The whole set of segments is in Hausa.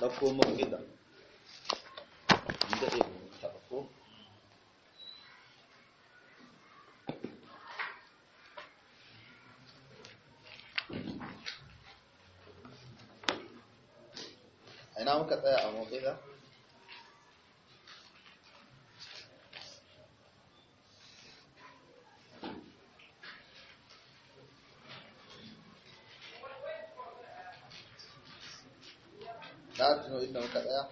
ɗauko mun gida daɗe taɓa ko ina muka tsaya a mobila inda muka ɗaya?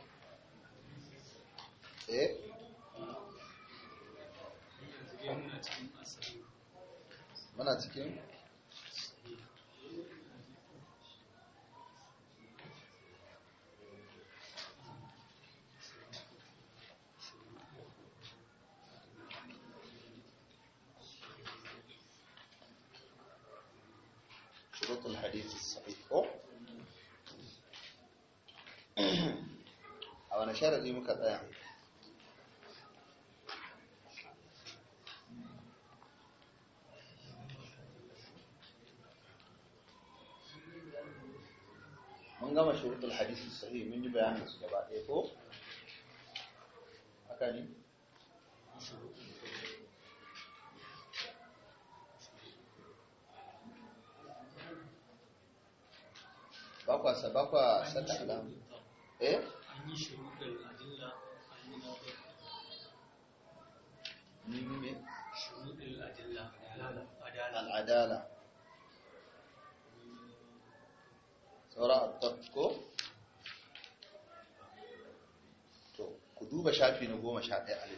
sharaɗi muka tsaya mun gama shuruɗul hadisi sahi mun yi bayanin su gaba ɗaya ko haka ne bakwa sa bakwa sata alamu eh العدالة سورة التطكو كدوب شافي نقوم شافي على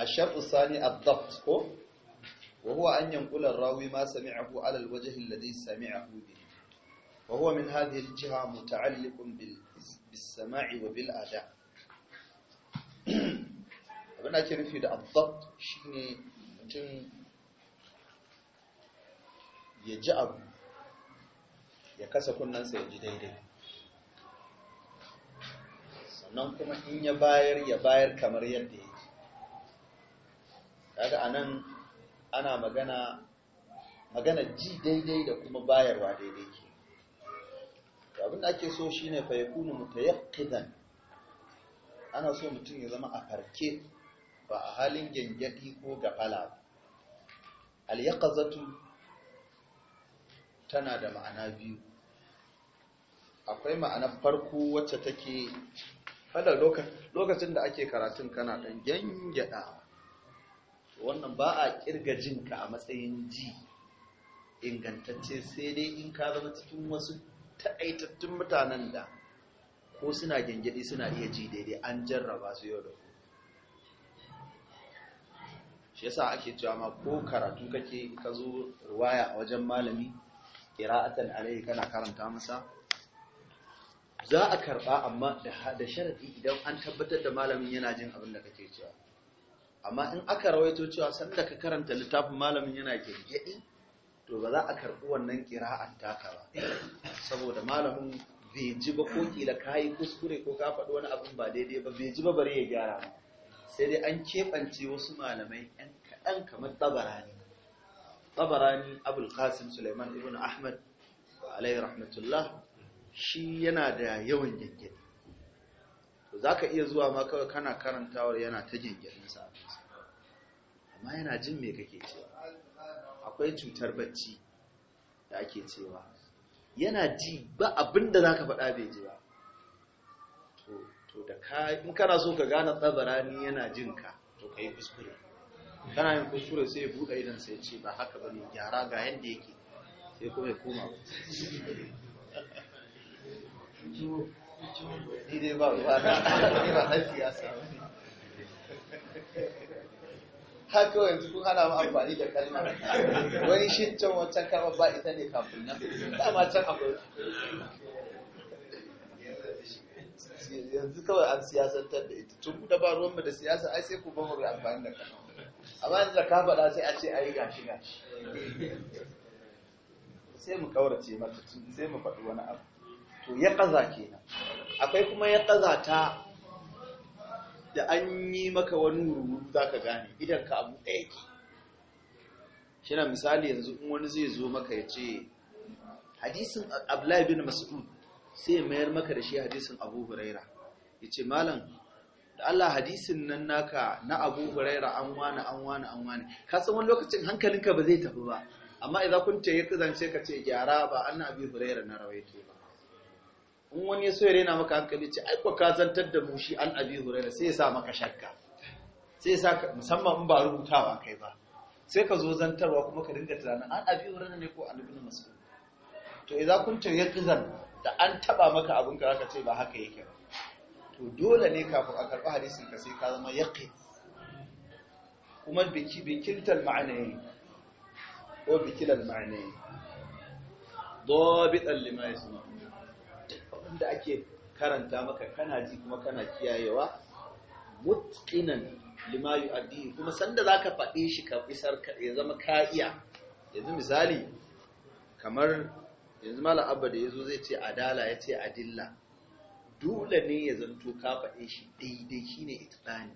الشرط الثاني الضبط وهو أن ينقل الراوي ما سمعه على الوجه الذي سمعه به وهو من هذه الجهة متعلق بالسماع وبالأداء abin da ake nufi da abdabt shine mutum ya ji abu ya kasa kunnansa ya ji daidai sannan kuma in ya bayar ya bayar kamar yadda ya ji daga anan ana magana magana ji daidai da kuma bayarwa daidai ke abin da ake so shi shine fa ya mutayaqqidan ana so mutum ya zama a farke ba a halin gyangyaɗi ko gafala al alyakazatu tana da ma'ana biyu akwai ma'anar farko wacce take kada lokacin da ake karatun kana dan gengeda wannan ba a kirga jinka a matsayin ji ingantacce sai dai in ka zama cikin wasu taƙaitattun mutanen da ko suna gyangyaɗi suna iya ji daidai an jarraba su yau da ku shi yasa ake cewa ma ko karatu kake ka zo ruwaya a wajen malami ƙira'atan alaihi kana karanta masa za a karɓa amma da sharaɗi idan an tabbatar da malamin yana jin abin da kake cewa amma in aka rawaito cewa sanda ka karanta littafin malamin yana gyangyaɗi to ba za a karɓi wannan kira'an taka ba saboda malamin bai ji ba ko kila ka kuskure ko ka faɗi wani abin ba daidai ba bai ji ba bare ya gyara sai dai an keɓance wasu malamai ɗan kaɗan kamar tabarani tabarani abul qasim suleiman ibn ahmad alayhi rahmatullah shi yana da yawan gyangyaɗi za ka iya zuwa ma kawai kana karantawar yana ta gyangyaɗinsa amma yana jin me kake cewa akwai cutar bacci da ake cewa yana ji ba abinda da za ka faɗa bai ji ba to da ka in kana so ka gane tsabarani yana jin ka to ka yi kuskure kana yin kuskure sai ya buɗe idan sai ce ba haka ba ne gyara ga yadda yake sai kuma ya koma ba ni dai ba ba na ba siyasa haka yanzu kun hana mu amfani da kalma wani shi can wancan kama ba ita ne kafin nan dama can akwai yanzu kawai an siyasantar da ita tun da ba ruwanmu da siyasa ai sai ku ba mu amfani da kalma amma yanzu da ka faɗa sai a ce a yi gashi gashi sai mu kaurace mata sai mu faɗi wani abu to ya ƙaza kenan akwai kuma ya ƙaza ta da an yi maka wani wuru za ka gane idan ka abu ɗaya ke shi na misali yanzu in wani zai zo maka ya ce hadisin abdullahi bin mas'ud sai ya mayar maka da shi hadisin abu huraira ya ce malam da Allah hadisin nan naka na abu huraira an wani an wani an wani ka wani lokacin hankalinka ba zai tafi ba amma idan kun ce ya kazance ka ce gyara ba ana abi huraira na rawaito ba in wani ya so ya rena maka hankali ce ai ka zantar da mushi an abi hurairah sai ya sa maka shakka sai ya sa musamman in ba rubutawa kai ba sai ka zo zantarwa kuma ka dinga tunanin an abi hurairah ne ko an abi mas'ud to idza kunta yaqzan da an taba maka abin ka zaka ce ba haka yake ba to dole ne kafin a karɓi hadisin ka sai ka zama yaqi kuma biki bikiltal ma'anayi ko bikilal ma'anayi ضابطا لما يسمعون inda ake karanta maka kana ji kuma kana kiyayewa mutqinan lima yu'addi kuma sanda zaka faɗe shi ka isar ya zama ka yanzu misali kamar yanzu malam abba da yazo zai ce adala ya ce adilla dole ne ya zanto ka faɗe shi daidai shine itqani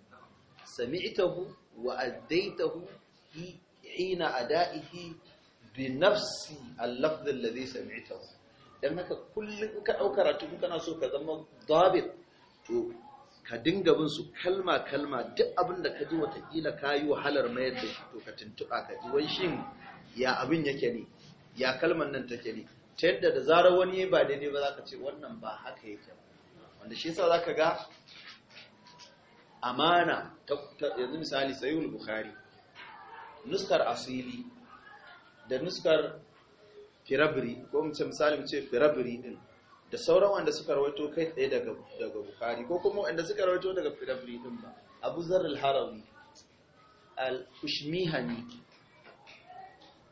sami'tahu wa addaitahu hina ada'ihi bi nafsi al-lafz alladhi sami'tahu Idan haka kullum in ka ɗauka karatu in kana so ka zama dabit to ka dinga bin su kalma kalma duk abin da ka ji watakila ka yi wahalar mayar da shi to ka tuntuɓa ka ji wai shin ya abin yake ne ya kalman nan take ne ta yadda da zarar wani ba daidai ba za ka ce wannan ba haka yake ba wanda shi yasa za ka ga amana yanzu misali sayul bukhari nuskar asili da nuskar firabri ko mu ce misali mu ce firabri din da sauran wanda suka rawaito kai tsaye daga bukari ko kuma wanda suka rawaito daga firabri din ba abu zar al-harawi al kushmihani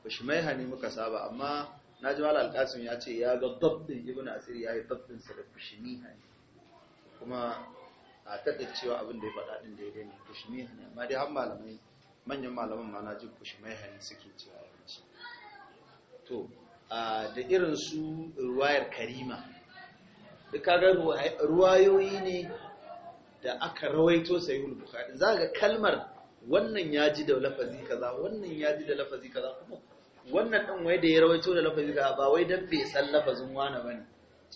kushmihani muka saba amma naji ji al-qasim ya ce ya ga dabbin ibn asir ya yi dabbin sa da kushmihani kuma a taɗa cewa abin da ya faɗa din da ya ne kushmihani amma dai har malamai manyan malaman ma na ji kushmihani suke cewa yawanci to da irin su ruwayar karima duk ga ruwayoyi ne da aka rawaito sayyul bukhari za ga kalmar wannan ya ji da lafazi kaza wannan ya ji da lafazi kaza kuma wannan ɗan wai da ya rawaito da lafazi kaza ba wai dan bai san lafazin wane ne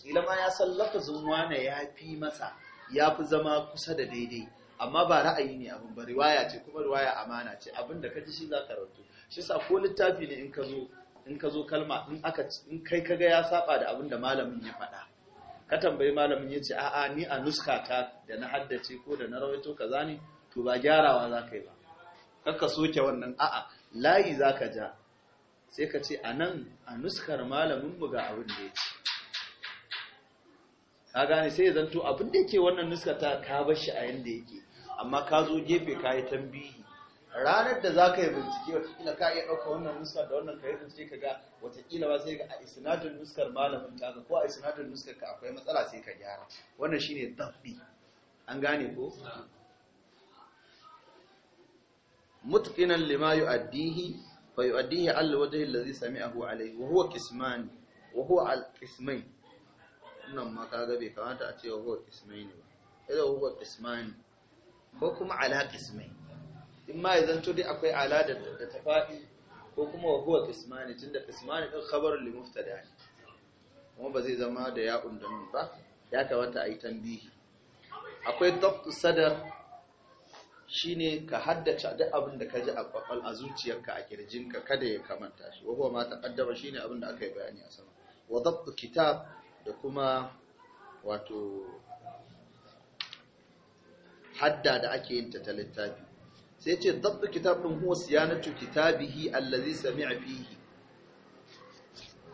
kila ma ya san lafazin wane ya fi masa ya fi zama kusa da daidai amma ba ra'ayi ne abin ba riwaya ce kuma riwaya amana ce abin da ka ji shi za ka rawaito shi sa ko littafi ne in ka zo in ka zo kalma in aka in kai kaga ya saba da abin da malamin ya faɗa ka tambayi malamin ya ce a'a ni a nuska ta da na haddace ko da na rawaito kaza ne to ba gyarawa za ka yi ba kaka soke wannan a'a layi za ka ja sai ka ce a nan a nuskar malamin mu ga abin da ya ce ka gane sai ya zanto abin da yake wannan nuskata ta ka bar shi a yanda yake amma ka zo gefe ka yi tambihi ranar da za ka yi bincike watakila ka iya ɗauka wannan nuska da wannan ka yi bincike ka ga watakila ba sai ga a isnadin nuskar malamin ta ko a isnadin nuskar ka akwai matsala sai ka gyara wannan shine dabbi an gane ko mutqinan lima yu'addihi fa yu'addihi al wajhi alladhi sami'ahu alayhi wa huwa qisman wa huwa al qismain nan ma bai kamata a ce wa huwa qismain ba ko kuma ala qismain in ma ya to dai akwai alada da ta faɗi ko kuma wa huwa qismani tunda qismani din khabarun li muftada ne kuma ba zai zama da ya'un da nun ba ya kamata a yi tambihi akwai dabtu sadar shine ka haddace duk abin da ka ji a kwakwal a zuciyarka a kirjinka kada ya kamanta shi wahuwa ma taqaddama shine abin da aka yi bayani a sama wa dabtu kitab da kuma wato hadda da ake yin ta ta littafi sai ce dabba kitab ɗin huwa siyanatu kitabihi allazi a fihi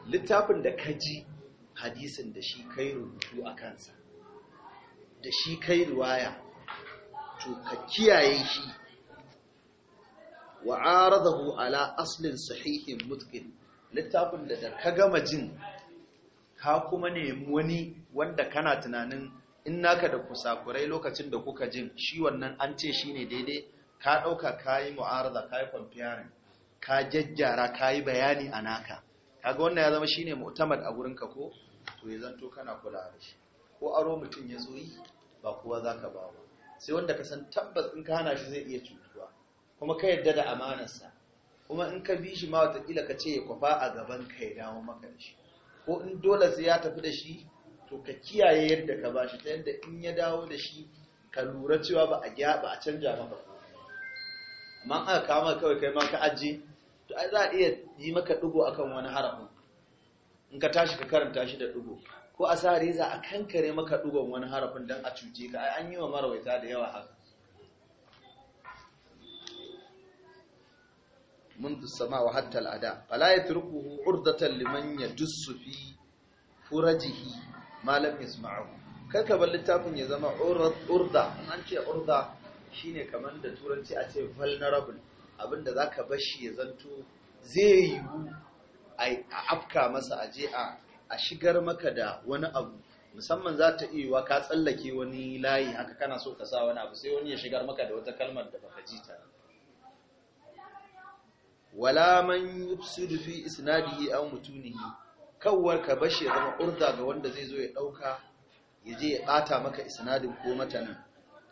littafin da ka ji hadisin da shi kai rubutu a kansa da shi kai ruwaya, to ka kiyaye shi wa aradahu ala aslin sahihin mutkin, littafin da ka gama jin ka kuma nemi wani wanda kana tunanin in naka da kusakurai lokacin da kuka jin shi wannan an ce shi ne daidai ka ɗauka ka yi mu'arada ka yi kwamfiyarin ka jajjara ka yi bayani a naka kaga wannan ya zama shine mu'tamad a gurinka ko to ya zanto kana kula da shi ko aro mutum ya zo yi ba kowa za ka ba ba sai wanda ka san tabbas in ka hana shi zai iya cutuwa kuma ka yarda da amanarsa kuma in ka bi shi ma watakila ka ce ya kwafa a gaban ka ya dawo maka da shi ko in dole sai ya tafi da shi to ka kiyaye yadda ka ba shi ta yadda in ya dawo da shi ka lura cewa ba a gyaba a canja maka amma aka kama kawai kai ma ka aji to ai za a iya yi maka dugo akan wani harafin in ka tashi ka karanta shi da dugo ko a sa reza a kankare maka dugon wani harafin don a cuce ka ai an yi wa marawaita da yawa haka منذ السماء وحتى الأداء فلا يتركه عرضة لمن يدس في فرجه ما لم يسمعه كركب اللتاف يزمع عرض عرضة أنت urda. shine kamar da turanci a ce vulnerable abinda za ka bashi ya zanto zai yiwu a afka masa a je a shigar maka da wani abu musamman za ta iya ka tsallake wani layi haka kana so ka sa wani abu sai wani ya shigar maka da wata kalmar da baka ji ta wala man yubsidu fi isnadihi aw mutunihi kawwar ka bashi ya zama urda ga wanda zai zo ya dauka ya je ya bata maka isnadin ko matanin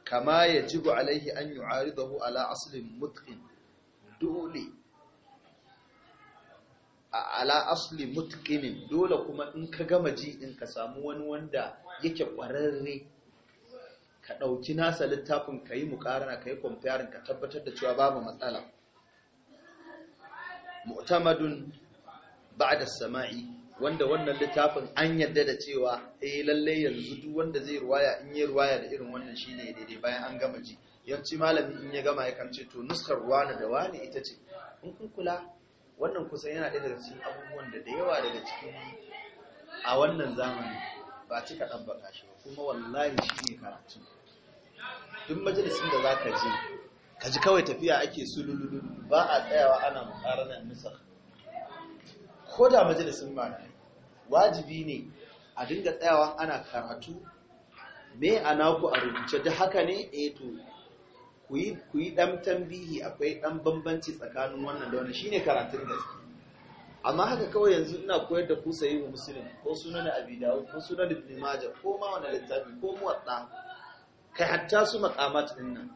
kama ya jibu alaihi an yi aridahu ala aslin mutkin dole ala asli mutkinin dole kuma in ka gama ji in ka samu wani wanda yake kwararre ka ɗauki nasa littafin ka yi mukarana ka yi kwamfiyarin ka tabbatar da cewa babu matsala mu'tamadun da sama'i wanda wannan littafin an yarda da cewa eh lalle yanzu duk wanda zai ruwaya in yi ruwaya da irin wannan shine daidai bayan an gama ji yawanci malami in ya gama yakan ce to nuskar ruwana da wani ita ce in kun kula wannan kusan yana ɗaya daga cikin abubuwan da da yawa daga cikin a wannan zamani ba cika baka shi ba kuma wallahi shi ne karatu duk majalisun da za ka je ka ji kawai tafiya ake sululu ba a tsayawa ana mukaranar nusar ko da majalisun malamai wajibi ne a dinga tsayawa ana karatu me a naku a rubuce da haka ne eh to ku yi ɗan tambihi akwai ɗan bambanci tsakanin wannan da wannan shine karatun gaske amma haka kawai yanzu ina koyar da ku sayi musulun ko sunan abi dawud ko sunan ibn majah ko ma wannan littafi ko muwatta kai hatta su maqamat din nan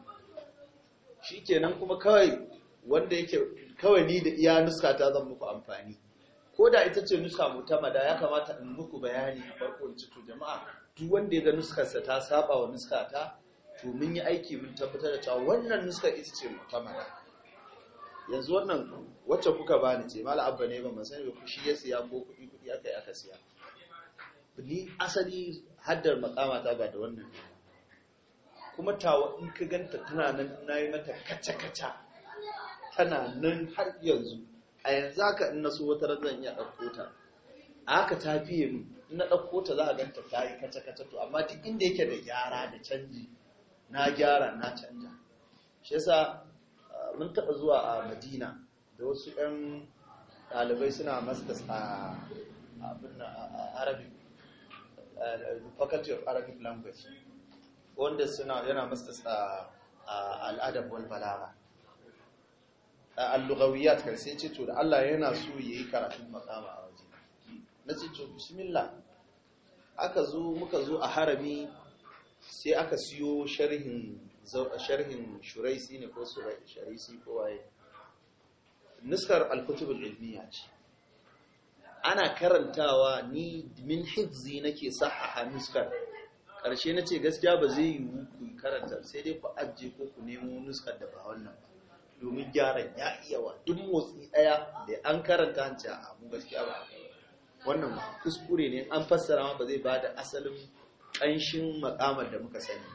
shikenan kuma kawai wanda yake kawai ni da iya nuska zan muku amfani ko da ita ce nuska Mada, ya kamata in muku bayani a farko in to jama'a duk wanda ya ga nuskarsa ta saba wa nuska ta to mun yi aiki mun tabbatar da cewa wannan nuska ita ce mutamada yanzu wannan wacce kuka bani ce mala abba ne ba mun sani ku shi ya siya ko kuɗi kuɗi aka yi aka siya ni asali haddar makama ta ba da wannan kuma tawa in ka ganta tana nan nayi mata kaca-kaca tana nan har yanzu a yanzu haka in na so wata zan iya ɗauko ta haka ta fiye mu in na ɗauko ta za a ganta ta yi kaca kaca to amma duk inda yake da gyara da canji na gyara na canja shi yasa mun taɓa zuwa a madina da wasu 'yan ɗalibai suna masters a abin arabic faculty of arabic language wanda suna yana masters a al'adar wal balaga al-lughawiyat kan sai ce to da Allah yana so yayi karatun makama a waje na ce to bismillah aka zo muka zo a harami sai aka siyo sharhin sharhin shuraisi ne ko shuraisi ko waye nuskar al-kutub al-ilmiya ce ana karantawa ni min hifzi nake sahaha nuskar karshe nace gaskiya ba zai yiwu ku karanta sai dai ku ajje ko ku nemo nuskar da ba wannan ba domin gyaran ya iya wa duk motsi ɗaya da an karanta hanci a mu gaskiya ba wannan kuskure ne an fassara ma ba zai ba da asalin ƙanshin makamar da muka sani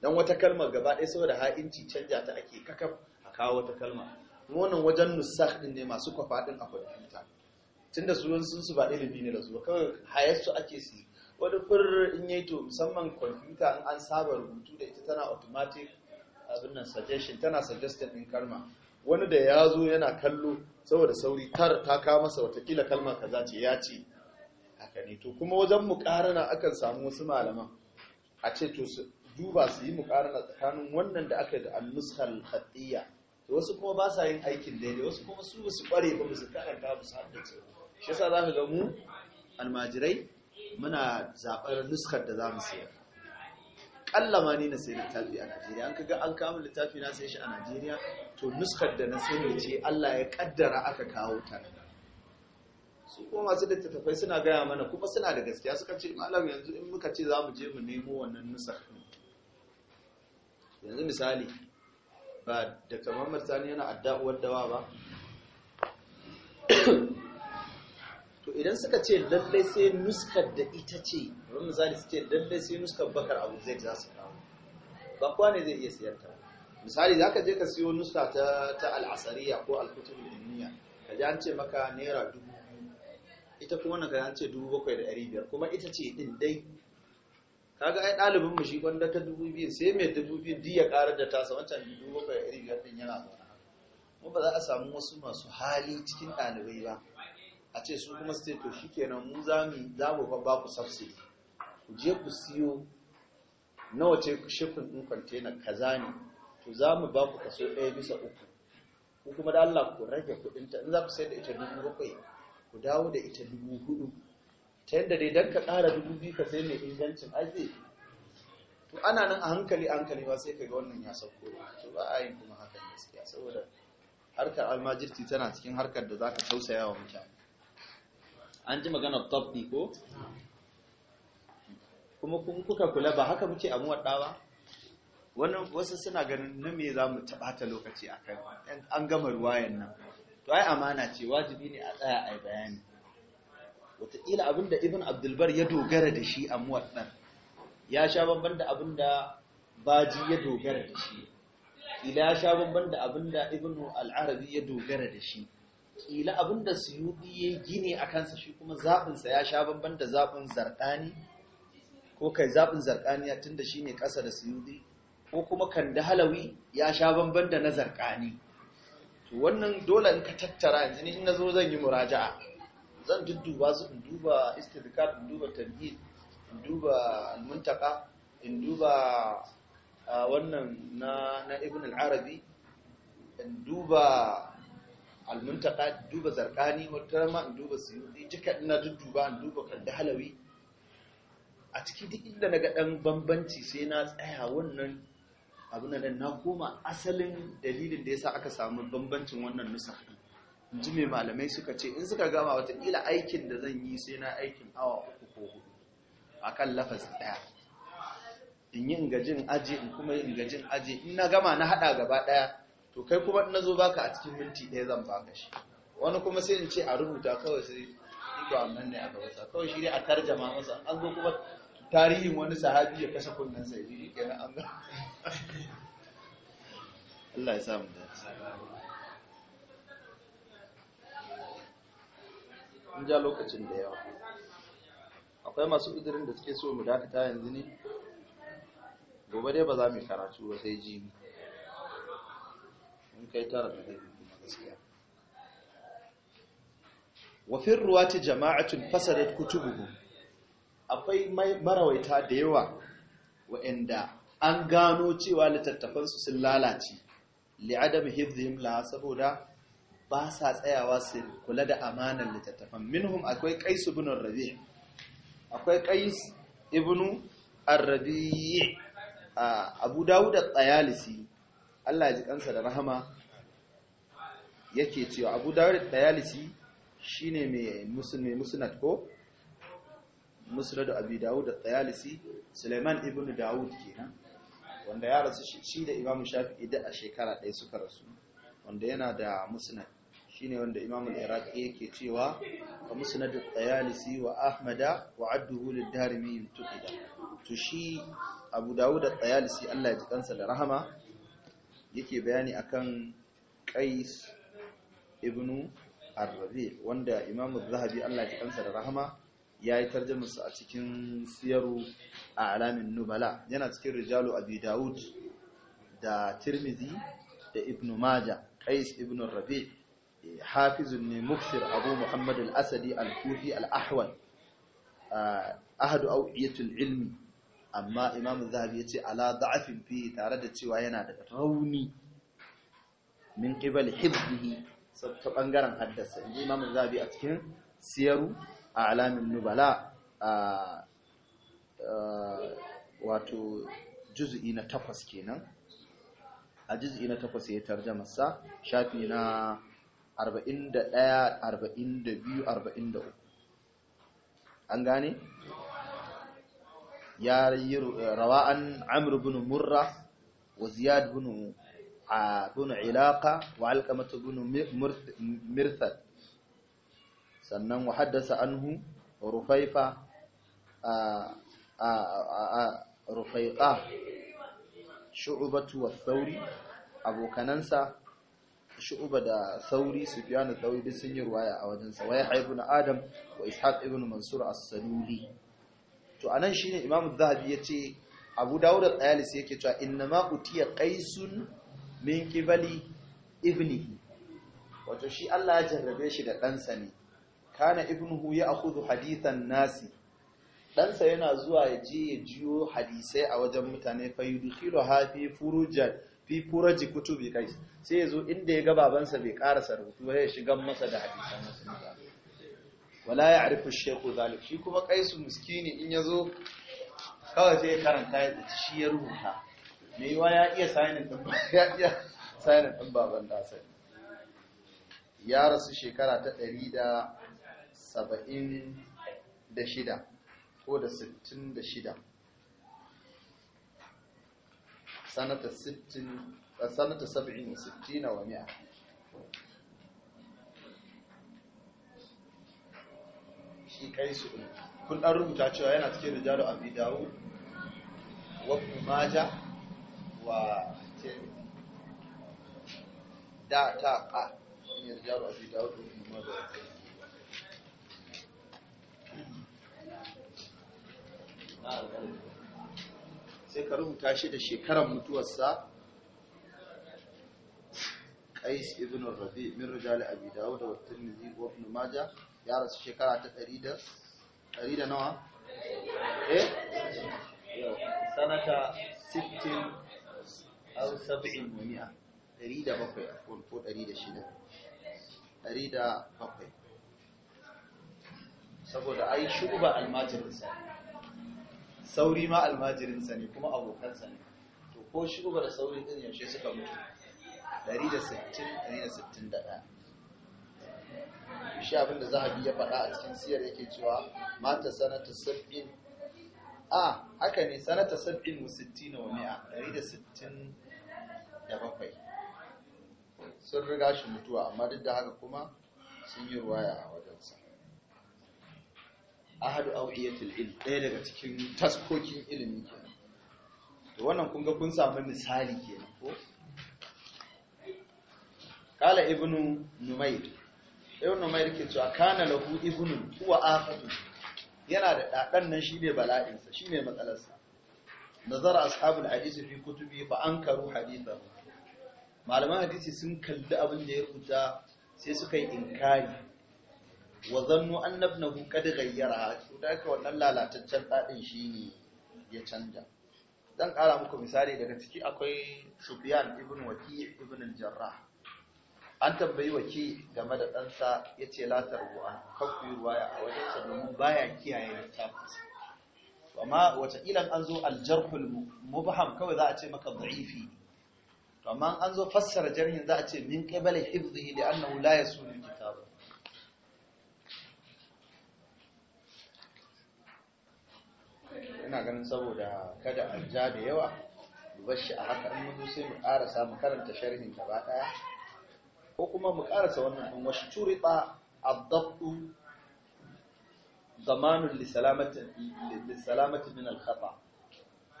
don wata kalmar gaba ɗaya saboda ha'inci canja ta ake kakaf a kawo wata kalma wannan wajen nusakh ɗin ne masu kwafa ɗin a kwamfuta tunda zuwan sun su ba ilimi ne da su kawai hayar ake su wani fur in yi to musamman kwamfuta an saba rubutu da ita tana automatic abin nan suggestion tana suggestion din kalma wani da ya zo yana kallo saboda sauri tar ta kawo masa watakila kalma kaza ce ya ce haka ne to kuma wajen mukarana akan samu wasu malaman a ce to su duba su yi mukarana tsakanin wannan da aka da al-nushal khatiya to wasu kuma ba sa yin aikin daidai wasu kuma su su kware ba su karanta ba su ce shi yasa za ka ga mu almajirai muna zaɓar nuskar da za mu akalla ma na sai littafi a Najeriya an kaga an kama littafi na sai shi a Najeriya to nuskar da na sani ce Allah ya kaddara aka kawo ta su kuma masu littattafai suna gaya mana kuma suna da gaskiya suka ce malam yanzu in muka ce za mu je mu nemo wannan nusar. yanzu misali ba da kamar martani yana addu'ar dawa ba to idan suka ce lallai sai nuskar da ita ce kamar misali su ce sai nuskar bakar abu zai za su kawo ba kowa ne zai iya siyar ta misali za ka je ka siyo nuska ta ta al'asariya ko alkutubul ilmiya ka ji an ce maka naira dubu ita kuma na ka an ce dubu bakwai da ɗari biyar kuma ita ce din dai kaga ai ɗalibin mu shi gwanda ta dubu biyu sai mai dubu biyu duk ya ƙarar da tasa wancan dubu bakwai da ɗari biyar din yana zaune mu ba za a samu wasu masu hali cikin ɗalibai ba a ce su kuma su ce to shikenan mu za mu ba ku subsidy ku je ku siyo nawa ce shifin ɗin kwantena kaza ne to za mu ba ku kaso ɗaya bisa uku ko kuma da Allah ku rage kuɗinta in za ku sayar da ita dubu bakwai ku dawo da ita dubu hudu ta yadda dai don ka ƙara dubu biyu ka sai mai ingancin aiki to ana nan a hankali a hankali ba sai ka ga wannan ya sauko to ba a yin kuma hakan gaskiya saboda harkar almajirti tana cikin harkar da za ka tausaya wa mutane an ji maganar tabbi ko kuma kun kuka kula ba haka muke a muwadda ba wasu suna ganin na me za mu taɓata lokaci a kai an gama ruwayan nan to ai amana ce wajibi ne a tsaya a bayani wataƙila abinda ibn abdulbar ya dogara da shi a muwaɗɗar ya sha bamban da abinda baji ya dogara da shi ƙila ya sha bamban da abinda ibn al'arabi ya dogara da shi ƙila abinda suyuɗi ya gine a kansa shi kuma zaɓinsa ya sha bamban da zaɓin zarɗani ko kai zaɓin zarkaniya tun da shi ne ƙasa da suyudi ko kuma kan da halawi ya sha bamban da na zarkani to wannan dole in ka tattara yanzu ni in na zo zan yi muraja'a zan dudduba su in duba istidkar in duba tamhid in duba almuntaka in duba wannan na na ibn al-arabi in duba almuntaka duba zarkani wata ma in duba suyudi duka ina dudduba in duba kan da halawi a ciki duk inda na ga ɗan bambanci sai na tsaya wannan abu na na koma asalin dalilin da ya sa aka samu bambancin wannan nusa in ji mai malamai suka ce in suka gama watakila aikin da zan yi sai na aikin awa uku ko hudu a kan lafas ɗaya in yi ingajin aji in kuma yi ingajin aji in na gama na haɗa gaba ɗaya to kai kuma na zo baka a cikin minti ɗaya zan baka shi wani kuma sai in ce a rubuta kawai sai ba nan ne a gaba kawai shi ne a tarjama masa an zo kuma tarihin wani sahabi ya kashe kunnen sai shi kenan na amma Allah ya samu da dace in ja lokacin da yawa akwai masu udurin da suke so mu dakata yanzu ne gobe dai ba za mu karatu ba sai ji in kai tara da dai kuma gaskiya wa fi ta jama'atun fasadar kutubuhum akwai marawaita da yawa waɗanda an gano cewa littattafansu sun lalace li'adam hizim la saboda ba sa tsayawa su kula da amanar littattafan minhum akwai qais ibn rabi' akwai qais ibn ar-rabi' abu dawud at-tayalisi Allah ya ji kansa da rahama yake cewa abu dawud at-tayalisi shine mai musulmi musnad ko musnad abi dawud da tayalisi suleiman ibn dawud kenan wanda ya rasu shi da imam shafi'i da a shekara ɗaya suka rasu wanda yana da musnad shine wanda imam al-iraqi yake cewa wa musnad al-tayalisi wa ahmada wa adduhu lid-darimi tuqida to shi abu dawud al-tayalisi Allah ya ji kansa da rahama yake bayani akan qais ibn ar-rabi wanda imam az-zahabi Allah ya ji kansa da rahama ya yi tarjamarsa a cikin siyaru a alamin nubala yana cikin rijalu abu dawud da tirmizi da ibn maja qais ibn rabi hafizun ne mufsir abu muhammad al-asadi al-kufi al-ahwal ahadu auyatul ilmi amma imam zahabi ya ce ala da'afin fi tare da cewa yana da rauni min qibal hibdihi sabta bangaren haddasa imam zahabi a cikin siyaru a alamin nubala a wato juz'i na takwas kenan a juz'i na takwas ya tarjama sa shafi na 41 42 43 an gane ya yi rawa'an amr bin murra wa ziyad a bin ilaka wa alqamah bin mirthad sannan wa haddasa anhu rufaifa a shu'ubatu wa sauri abokanansa shu'uba da sauri su na thauri duk sun yi ruwaya a wajensa wa haifu na adam wa ishaq ibn mansur as-saluli to anan shine imamu zahabi ce, abu dawud al-ayalisi yake cewa inna ma utiya qaisun min qibali ibnihi wato shi Allah ya jarrabe shi da ɗansa ne kana ibnuhu ya akhudhu hadithan nasi ɗansa yana zuwa ya je ya jiyo hadisai a wajen mutane fa yudkhilu ha fi furujan fi furaji kutubi kai sai ya zo inda ya ga babansa bai karasa rubutu ya shigan masa da hadisan musulunta wala ya arifu shekhu zalik shi kuma kaisu miskini in ya zo kawai sai ya karanta ya tsaci shi ya rubuta mai yiwa ya iya sainin ɗin ya iya sainin ɗin baban da ya rasu shekara ta ɗari da saba'in da shida ko da sittin da shida sanata eh, saba'in da na wani a shi kai su kun ɗan rubuta cewa yana cikin da jaro abu dawo wa maja wa da ta ƙa in da jaro abu dawo da maja sai ka rubuta shi da shekarar mutuwarsa ƙais ibn rabi min rijali abi dawud wa tirmidhi wa ibn maja ya rasu shekara ta 100 100 da nawa eh sanata 60 aw 70 wa 107 ko 106 107 saboda ai shuba almajirinsa sauri ma almajirinsa ne kuma abokansa ne to ko shi uba da sauri din yaushe suka mutu 160-161 shi abinda zahabi ya faɗa a cikin siyar yake cewa mata sanata sabbin a haka ne sanata sabbin musitti na wani a 167 sun riga shi mutuwa amma duk da haka kuma sun yi ruwaya a wajensa ahadu awiyatul ilm ɗaya daga cikin taskokin ilimi kenan to wannan kun ga kun samu misali kenan ko qala ibnu numayr ibnu numayr ke cewa kana lahu ibnu huwa afatu yana da dadan nan shine bala'in sa shine matsalar sa nazara ashabul hadisi fi kutubi fa ankaru hadithan malaman hadisi sun kalli abin da ya rubuta sai suka yi inkari wa zannu annabnahu qad ghayyara to da haka wannan lalataccen dadin shine ya canja zan kara muku misali daga ciki akwai Sufyan ibn Waki' ibn al-Jarrah an tambayi Waki game da ɗansa yace la tarwa kakku ruwaya a wajen sa domin baya kiyaye littafinsa amma wata ilan an zo al-jarhul mubham kawai za a ce maka da'ifi to amma an zo fassara jarhin za a ce min qibali hifzihi li annahu la yasul ina ganin saboda kada a ja da yawa ba shi a haka in mutu sai mu ƙara mu karanta sharhin gaba ɗaya, ko kuma mu ƙarasa wannan in wasu turita lissalamatu min لسلامة للسلامة من الخطأ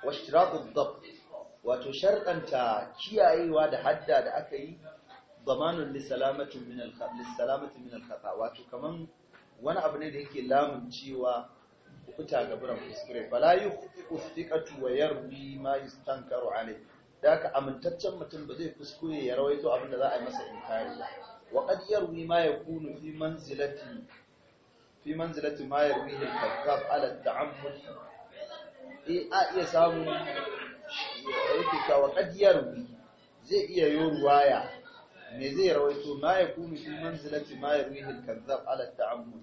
واشتراط wato sharɗanta kiyayewa da hadda da aka yi zamanin lissalamatu min الخطأ wato kaman wani abu ne da yake lamun cewa kubuta ga buran kuskure fala yukhtiqu thiqatu wa yarwi ma yustankaru alayhi da aka amintaccen mutum ba zai kuskure ya rawaito abin da za a yi masa inkari ba wa qad yarwi ma yakunu fi manzilati fi manzilati ma yarwi al-kadhab ala at-ta'ammud e eh, a iya samu yake ka wa qad yarwi zai iya yi ruwaya me zai rawaito ma yakunu fi manzilati ma yarwi al-kadhab ala at-ta'ammud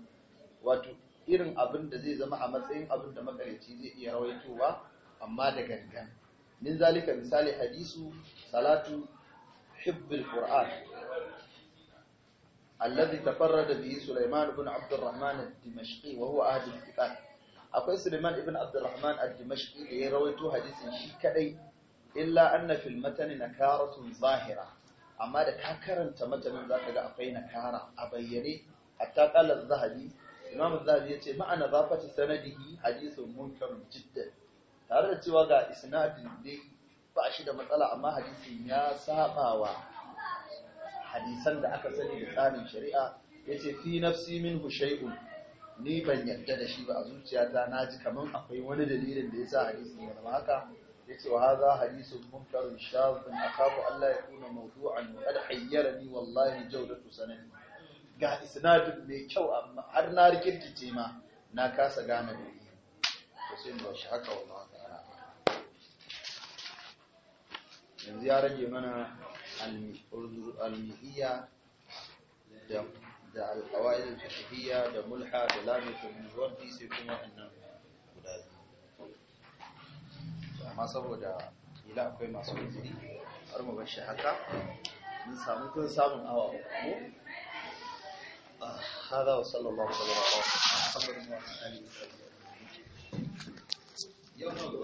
wato irin abin da zai zama a matsayin abin da makareci zai iya rawaitowa amma da gangan min zalika misali hadisu salatu hibbul qur'an alladhi tafarrada bihi Sulaiman ibn Abd al ad-Dimashqi wa huwa ahad al-thiqat akwai Sulaiman ibn Abd al ad-Dimashqi da ya rawaito hadisin shi kadai illa anna fil matani nakaratun zahira amma da ka karanta matanin zaka ga akwai nakara a bayyane hatta qala az-zahabi imam zabi ya ce ma'ana zafati sanadihi hadisun munkarun jiddan tare da cewa ga isnadin dai ba shi da matsala amma hadisin ya sabawa hadisan da aka sani da tsarin shari'a ya ce fi nafsi minhu shay'un ni ban yarda da shi ba a zuciyata na ji kamar akwai wani dalilin da ya sa hadisin ya zama haka ya ce wa haza hadisun munkarun a akafu Allah ya kuna mawdu'an qad ni wallahi jau da sanadi ga isnadin mai kyau amma har na rikirkice ma na kasa gane da yi to sai ba shi haka wannan ta'ala yanzu ya rage mana al-mi'iyya da da al-qawaid al-fiqhiyya da mulha da lamitun wardi sai kuma annan guda biyu amma saboda ila akwai masu uzuri har mu bar haka mun samu kun samun awa uku هذا وصلى الله وسلم على محمد وعلى اله وصحبه